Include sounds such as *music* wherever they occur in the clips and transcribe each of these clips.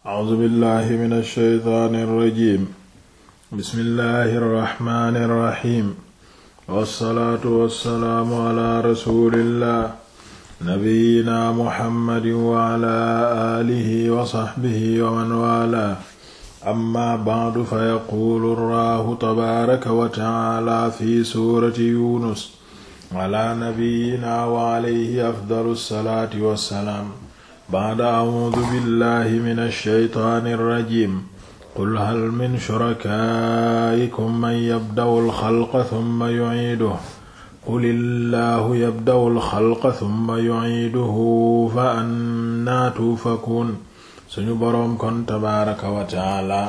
A'uuzu billaahi mina shaytaani rajiim bismillaahi rahmaani rahiim wassalaatu wassalaamu alaa rasuulillaah nabiyyinaa muhammadin wa alaa aalihi wa sahbihi wa man waalaa amma ba'du fa yaquulu Allaahu tabaaraka wa ta'aalaa fi suurati Yuunus alaa nabiyyinaa wa alayhi afdalu salaati wa salaam baada awudu billahi min alsheytaani alrajim qul hal min shurakaa'ikum man yabda'u alxalqa thumma yu'iiduhu qul illaahu yabda'u alxalqa thumma yu'iiduhu fa annaa tuufakuun suñu boroom kon tabaaraka wa taala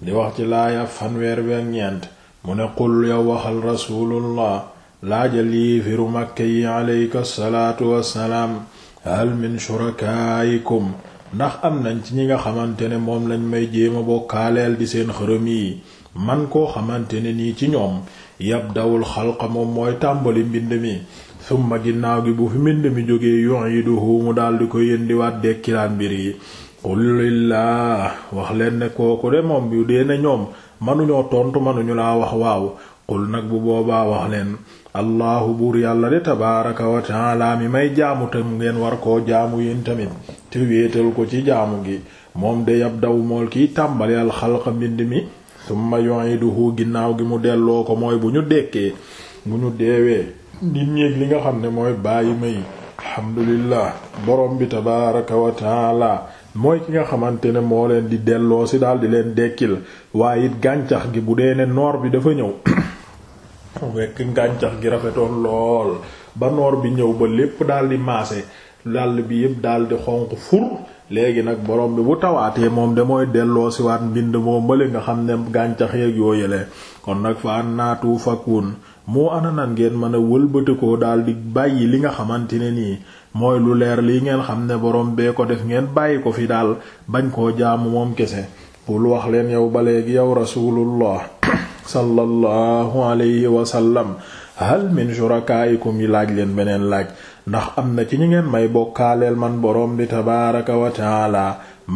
di wax ci laaya fanweer bi ak ñeent mu ne qul yow waxal rasuulullah laajal yéefiru Makka yi alayka salaatu wassalaam hal min shurakaayikum ndax am nañ ci ñi nga xamante ne moom lañ may jéema bokkaaleel di seen xërëm yi man koo xamante ne nii ci ñoom dawul xalqa moom mooy tàmbali mbind mi summa ginnaaw gi bu fi mbind mi jógee yu'iduhu mu daal di ko yëndiwaat dekkilaat mbir yi qulillah wax leen ne kooku de moom yu dee ne ñoom manuñoo tontu manuñu laa wax waaw qul nag bu boobaa wax leen allahu buur yàlla de tabaaraka wa taala mi may jaamu tam ngeen war koo jaamu yéen tamit te wéetal ko ci jaamu gi moom de yab daw mool kiy tàmbali alxalqa mbind mi summa yu'iduhu ginnaaw gi mu delloo ko mooy bu ñu dekkee bu ñu deewee di néeg li nga xam ne mooy bàyyi may alhamdulillah borom bi tabaaraka wa taala mooy ki nga xamante ne moo leen di delloo si daal di leen dekkil waaye it gàncax gi bu dee ne noor bi dafa ñëw fekk ngàncax gi rafetoon lool ba bi ñëw ba lépp daal di maase dàll bi yëpp daal di xonq fur léegi nag borom bi bu tawaatee moom de delloo siwaat mbind moo mali nga xam ne gàncax yeeg yoo kon nag fa an naatu ngeen mën wëlbatikoo daal di bàyyi li nga xamante ne nii mooy lu leer lii ngeen xam ne borom bee ko def ngeen bàyyi ko fi daal bañ koo jaamu moom kese bul wax leen yow ba léegi yow rasulullah sallallahu alayhi wa sallam hal min shurakaa'ikum yi laaj leen beneen laaj ndax am na ci ñi ngeen may bokkaaleel man boroom bi tabaaraka wa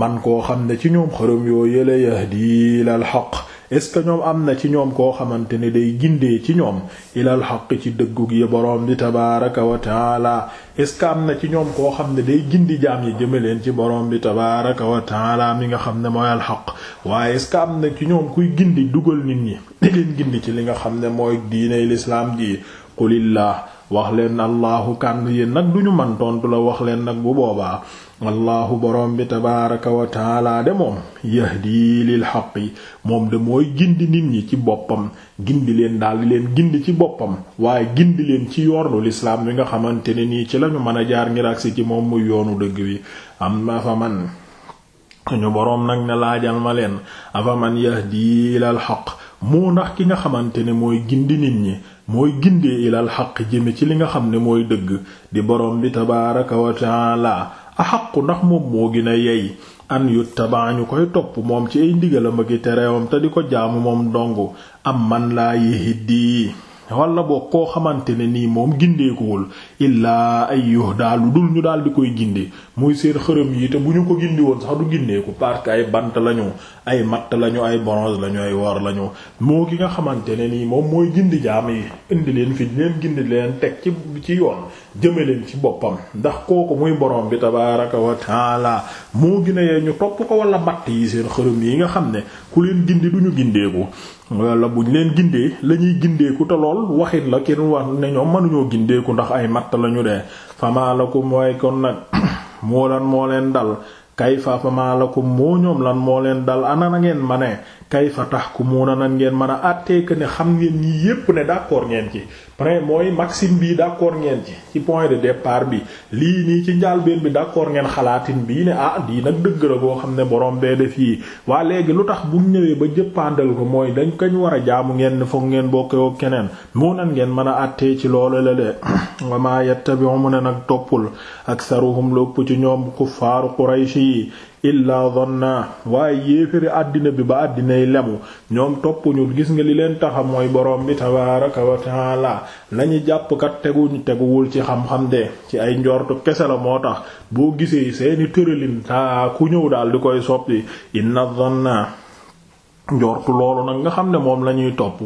man koo xam ne ci ñoom xërëm yoo yële yahdi ilal haqq est-ce que ñoom am na ci ñoom koo xamante ne day gindee ci ñoom ilal xaq ci dëggu yi boroom bi tabaaraka wa taala est am na ci ñoom koo xam ne day gindi jaam yi jëme leen ci boroom bi tabaaraka wa taala mi nga xam ne mooy alxaq waaye est am na ci ñoom kuy gindi dugal nit ñi di leen gindi ci li nga xam ne mooy diiney lislaam ji la wax leen allahu kànd yéen nag duñu man tontu la wax leen nag bu boobaa allahu borom bi tabaaraka wa taala de moom yahdi lil yi moom de mooy gindi nit ñi ci boppam gindi leen daal di leen gindi ci boppam waaye gindi leen ci yoonu lislaam bi nga xamante ne nii ci lañu mën a jaar ngir agsi ci moom muy yoonu dëgg wi am na fa man ñu boroom nag ne laajal ma leen afa man yahdi ilal xaq moo ndax ki nga xamante ne mooy gindi nit ñi mooy gindee ilal xaq jëme ci li nga xam ne mooy dëgg di borom bi tabaaraka wa axaqu ndax moom moo gën a yey an yuttabaa ñu koy topp moom ci ay ndigalam ak i terewam te di ko jaamu moom dong am man laa yihiddi walla boo koo xamante ne nii moom gindeekuwul illaa ay yuhdaa lu dul ñu daal di koy gindi muy seen xërëm yi te bu ñu ko gindi woon sax du gindeeku parce que ay bant lañu ay matt lañu ay bronze lañu ay wor lañu moo ki nga xamante ne nii moom mooy gindi jaam yi indi leen fi leen gindi leen teg ci ci yoon jëme leen ci boppam ndax kooku muy borom bi tabaaraka wa taala moo gën a yee ñu topp ko walla matt yi seen xërëm yi nga xam ne ku leen gindi duñu gindeeku walla euh, buñ leen gindee la ñuy gindeeku te lool waxit la kenn wax ne ñoom mënuñoo gindeeku ndax ay matt lañu dee famaalakum waaye kon nag *clears throat* moo lan moo leen dal kayfa fa maa lakum moo ñoom lan moo leen dal ana na ngeen ma ne kayfa tahkumuna nan ngeen mën a àttee que ne xam ngeen ñii yépp ne d'accord ngeen ci pare mooy maxime bi d'accord ngeen ci ci point de départ bi lii nii ci njàlbeen bi d'accord ngeen xalaatin bii ne ah dii nag dëgg boo xam ne borom bee def yi waa léegi lu tax bu ñëwee ba jëppandal ko mooy dañ kañ war a jaamu ngeen ne foog ngeen bokkewoo keneen moo nan ngeen mën a àttee ci loolu la de *clears throat* wa ma yi illaa na waaye yéeféri àddina bi ba àddinay lemu ñoom toppuñu gis nga li leen taxa mooy boroom bi tabaaraka wa taala lañu jàpp kat teguñu teguwul ci xam-xam de ci ay njortu kese la moo tax boo gisee seeni tëralin taa ku ñëw daal di koy soppi inna dhanna njortu loolu nag nga xam ne moom lañuy ñuy topp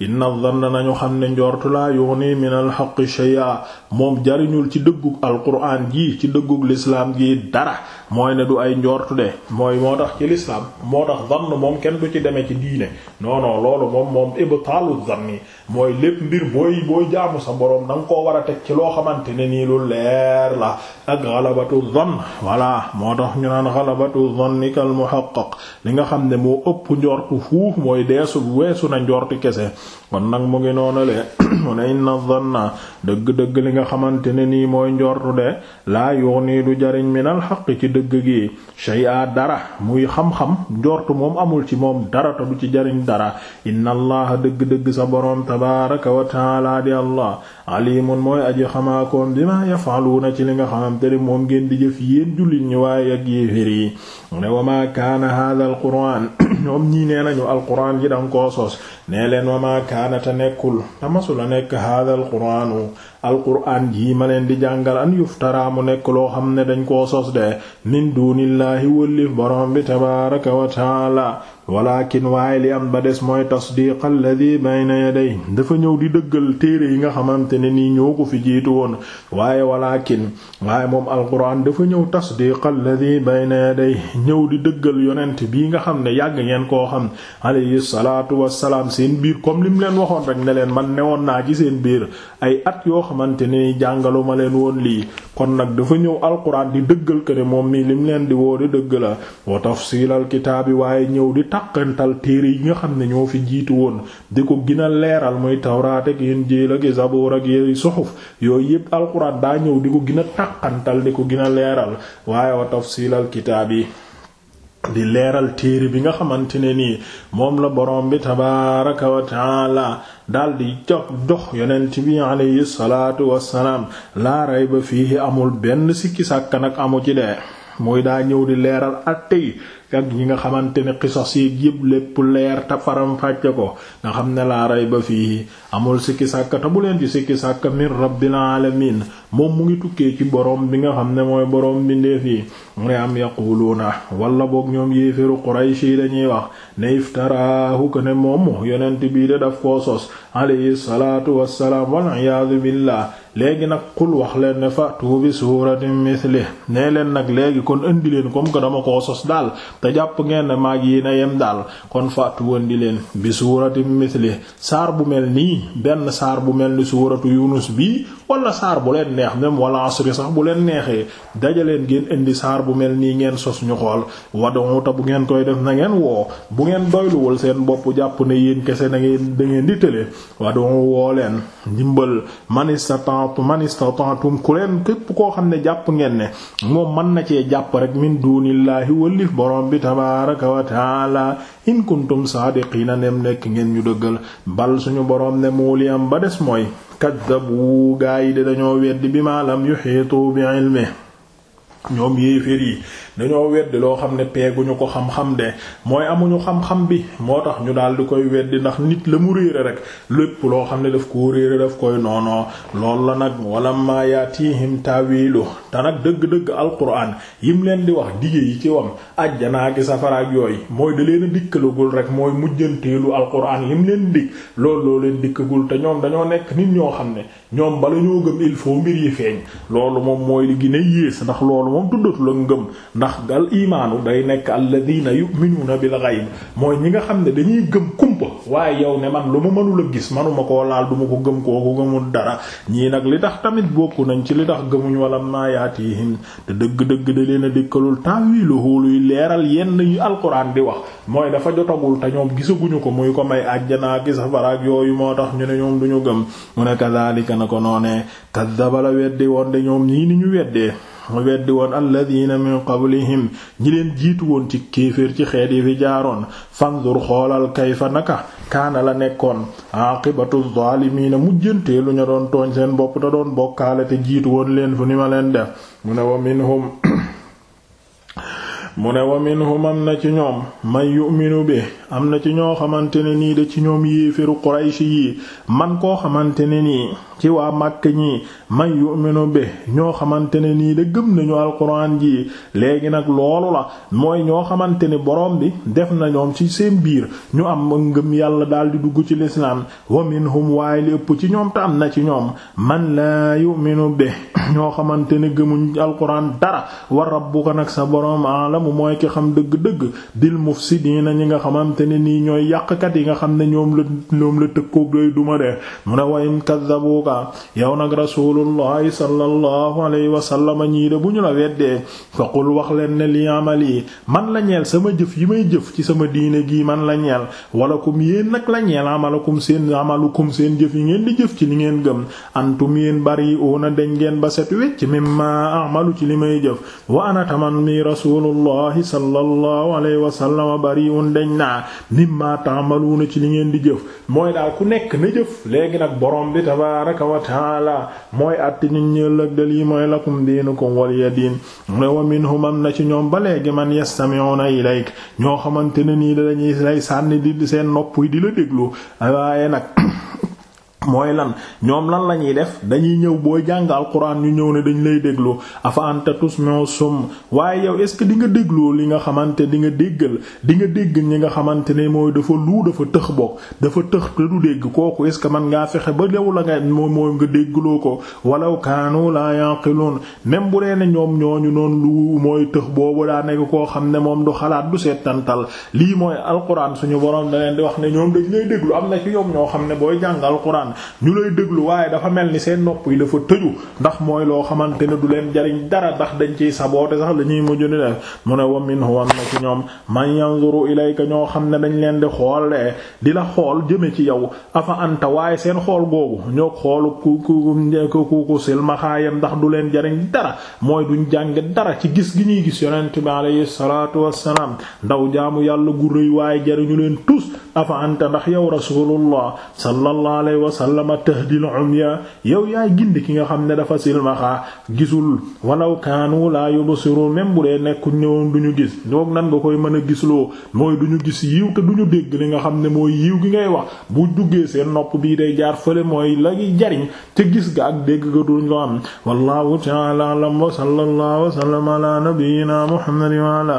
inna dhanna nañu xam ne njortu laa yughni min alxaqi shay'a moom jariñul ci dëggug alquran jii ci dëggug lislaam gi dara mooy ne du ay njortu de mooy moo tax ci lislaam moo tax dhann moom kenn du ci demee ci diine non non loolu moom moom ibtaalu dhanni mooy lépp mbir booy booy jaamu sa boroom da koo war a teg ci loo xamante ne nii lu leer la ak ghalabatu dhann voilà moo tax ñu naan ghalabatu dhanni kal muhaqqaq li nga xam ne moo ëpp njort njort fuuf mooy deesu weesu na njorti kese kon nag mu ngi noonu le *clears throat* mu ne inna dhanna dëgg-dëgg li nga xamante ne nii mooy njortu de laa yughni du jariñ minal xaq ci dëgg gi shay'a dara muy xam-xam njortu moom amul ci moom dara te du ci jariñ dara inna allaha dëgg-dëgg sa boroom tabaraka wa taala di allah alimun mooy aji xamaakoon bima yaf'aluna ci li nga xamante ne moom ngeen di jëf yéen jullit ñi waaye ak yi ne wa kaana hadha quran *clears throat* ñoom ñi nee nañu alquran ji danga koo sos nee leen wa maa kaanata nekkul tamasula nekk hada alquranu alquran jii ma leen di jàngal an yuftara mu nekk loo xam ne dañ koo sos de min dunillahi wëllif borom bi tabaraka wa walakin waaye li am ba des mooy tasdiq alladhi bayna yaday dafa ñëw di dëggal téere yi nga xamante ne nii ñoo ko fi jiitu woon waaye walakin waaye moom alquran dafa ñëw tasdiq alladhi bayna yaday ñëw di dëggal yonent bii nga xam ne yàgg ngeen koo xam alayhi salaatu salaam seen biir comme li mu leen waxoon rek ne leen man newoon naa ci seen biir ay at yoo xamante ni jàngaluma ma leen woon lii kon nag dafa ñëw alquran di dëggal ko ne moom mii li mu leen di woo di dëgg la wa waaye ñëw di dàqantal téere yi nga xam ne ñoo fi jiitu woon di ko gën a leeral muy tawraat ak injiil ak zabuur ak yooyu suxuf yooyu yépp alxuraan daa ñëw di ko gën a tàqantal di ko gën a leeral waaye wa tafsiilal kitaab yi di leeral téere bi nga xamante ne nii moom la borom bi tabaaraka wa taala di jox jox yonent bi alayhi salaatu wassalaam laa ba fii amul benn sikki sàkk nag amu ci de mooy daa ñëw di leeral àtte yi ak yi nga xamante ne xisas yi yëpp lépp leer te faram-fàcce ko nga xam ne laa rey ba fii amul sikki sàkka te bu leen ci sikki sàkka min rabbil alamin moom mu ngi tukkee ci borom bi nga xam ne mooy borom bindeef yi mu ne am yaquluuna walla boog ñoom yéeféru Quraysh yi dañuy wax ne iftaraahu ko ne moom yonent bii de daf koo sos alayhi salaatu wassalaam wal iyaadu léegi nag qul wax leen ne fatu bi suuratin mithli nee leen nag léegi kon indi leen comme que dama koo sos daal te jàpp ngeen ne maag yi na yem daal kon fatu wëndi leen bi suuratin mithli saar bu mel nii benn saar bu mel ni suuratu Yunus bi wala saar bu leen neex même wala asri sax bu leen neexee dajaleen geen indi saar bu mel nii ngeen sos ñu xool wadon ta bu ngeen koy def na ngeen woo bu ngeen doyluwul seen bopp jàpp ne yéen kese na ngeen da ngeen di tële wadon woo leen ndimbal manistatant manistatantum ku leen képp koo xam ne jàpp ngeen ne moom mën na cee jàpp rek min dunillahi wëllif borom bi tabaraka wa taala in kuntum saadiqina nem nekk ngeen ñu dëggal bal suñu borom ne muuli am ba mooy kaddabu gaa yi de dañoo weddi bi ma lam yuhiitu bi ilmihi ñoom yéeféer yi dañoo weddi loo xam ne peeguñu ko xam-xam de mooy amuñu xam-xam bi moo tax ñu daal di koy weddi ndax nit la mu réere rek lépp loo xam ne daf koo réere daf koy noonoo loolu la nag walla maya yaatihim taawilu te nag dëgg-dëgg alquran yim leen di wax dige yi ci wam ajjanaaki safaraak yooyu mooy da leen a dikkalagul rek mooy mujjanteelu alquran yim leen dig loolu loo leen dikkagul te ñoom dañoo nekk nit ñoo xam ne ñoom bala ñoo gëm il faut mbir yi feeñ loolu moom mooy ndax loolu loolu moom tuddatu la ngëm ndax al imaanu day nekk alladina yu'minuna bil ghaib mooy ñi nga xam ne dañuy gëm kumpa waaye yow ne man lu ma mënul a gis manuma ko laal duma ko gëm kooku gëmul dara ñii nag li tax tamit bokku nañ ci li tax gëmuñ wala maayaatihim te dëgg-dëgg da leen a dikkalul ta'wiluhu luy leeral yenn yu alquran di wax mooy dafa jotagul te ñoom gisaguñu ko muy ko may àjjana gi safara ak yooyu moo tax ñu ne ñoom duñu gëm mu ne kadhalika weddi woon alladina min qablihim ñi leen jiitu woon ci kéeféer ci xeet yi fi jaaroon fanzur xoolal kayfa naka kaana la nekkoon aqibatu zaalimiina mujjantee lu ñu doon tooñ seen bopp te doon bokkaale te jiitu woon leen fu ni ma leen def mu ne wa minhum am na ci ñoom man yu'minu bi am na ci ñoo xamante ne nii de ci ñoom yéeféru qurayshi yi man koo xamante ne nii ci waa màkk ñi man yu'minu bi ñoo xamante ne nii de gëm nañu alquran ji léegi nag loolu la mooy ñoo xamante ni borom bi def na ñoom ci seen biir ñu am ngëm yàlla daal di dugg ci lislaam wa minhum waaye li ëpp ci ñoom te am na ci ñoom man la laa yu'minu bi ñoo xamante ne gëmuñ alquran dara wa rabbuka nag sa borom alamu mooy ki xam dëgg-dëgg bil mufsidiina ñi nga xamante ne nii ñooy yàqkat yi nga xam ne ñoom la ñoom la duma de mu ne wa ba yow nag rasulullahi sallallahu alayhi wa sallam bu ñu la weddee faqul wax leen ne li amali man la ñeel sama jëf yi may jëf ci sama diine gii man la wala walakum yéen nag la ñeel amalakum seen amalukum seen jëf yi ngeen di jëf ci li ngeen gëm antum yéen bari oona dañ ngeen ba set wecc mimma amalu ci li may jëf wa ana taman mi rasulullahi sallallahu alayhi wa sallam bari'un dañ naa mimma ta'maluna ci li ngeen di jëf mooy daal ku nekk na jëf léegi nag borom bi tabaraka wa taala mooy àtti nit ñi ëllëg de lii mooy lakum diinukum waliya diin mu ne wa minhum am na ci ñoom ba léegi man yastami'una ilayk ñoo xamante ne nii dañuy lay sànni di seen nopp di la déglu waaye nag mooy lan ñoom lan la ñuy def dañuy ñëw booy jàng alxuraan yu ñëw ne dañu lay déglu afa anta tusmi'u sum waaye yow est-ce que di nga dégloo li nga xamante di nga déggal di nga dégg ñi nga xamante ne mooy dafa lu dafa tëx bokk dafa tëx te du dégg kooku est-ce que man ngaa fexe ba lew la nga moom mooy nga déggloo ko walaw kaanu la yaqilun même bu dee ne ñoom ñu noon lu mooy tëx boobu daa nekk koo xam ne moom du xalaat du setantal lii mooy alxuraan suñu borom da leen di wax ne ñoom dañ lay am na ci ñoom ñoo xam ne booy jàng alxuraan ñu lay déglu waaye dafa mel ni seen nopp yi dafa tëju ndax mooy loo xamante ne du leen jariñ dara ndax dañ ciy saboote sax la ñuy mujj ni leen mu ne wa minhu na ci ñoom man yanzuru ilayka ñoo xam ne dañ leen di xool di la xool jëme ci yow afa anta waaye seen xool googu ñoo xoolu ku ku ku ku silmaxaayam ndax du leen jariñ dara mooy duñ jàng dara ci gis gi ñuy gis yonent bi alayhi salaatu wassalaam ndaw jaamu yàlla gu rëy waaye jariñu leen tus afa anta ndax yow rasulullah sallallahu alayhi wa sallam tahdil umya yow yaay gindi ki nga xam ne dafa silmaxaa gisul walaw kaanu laa yubsirun même bu dee nekkul ñëwoon du ñu gis ñoog nan nga koy mën a gisloo mooy du ñu gis yiw te du dégg li nga xam ne mooy yiw gi ngay wax bu duggee seen nopp bii day jaar fële mooy la jariñ te gis ga ak dégg ga duñ ko am wallahu ta'ala a'lam wa sallallahu wa sallama ala nabiyyina muhammadin wa ala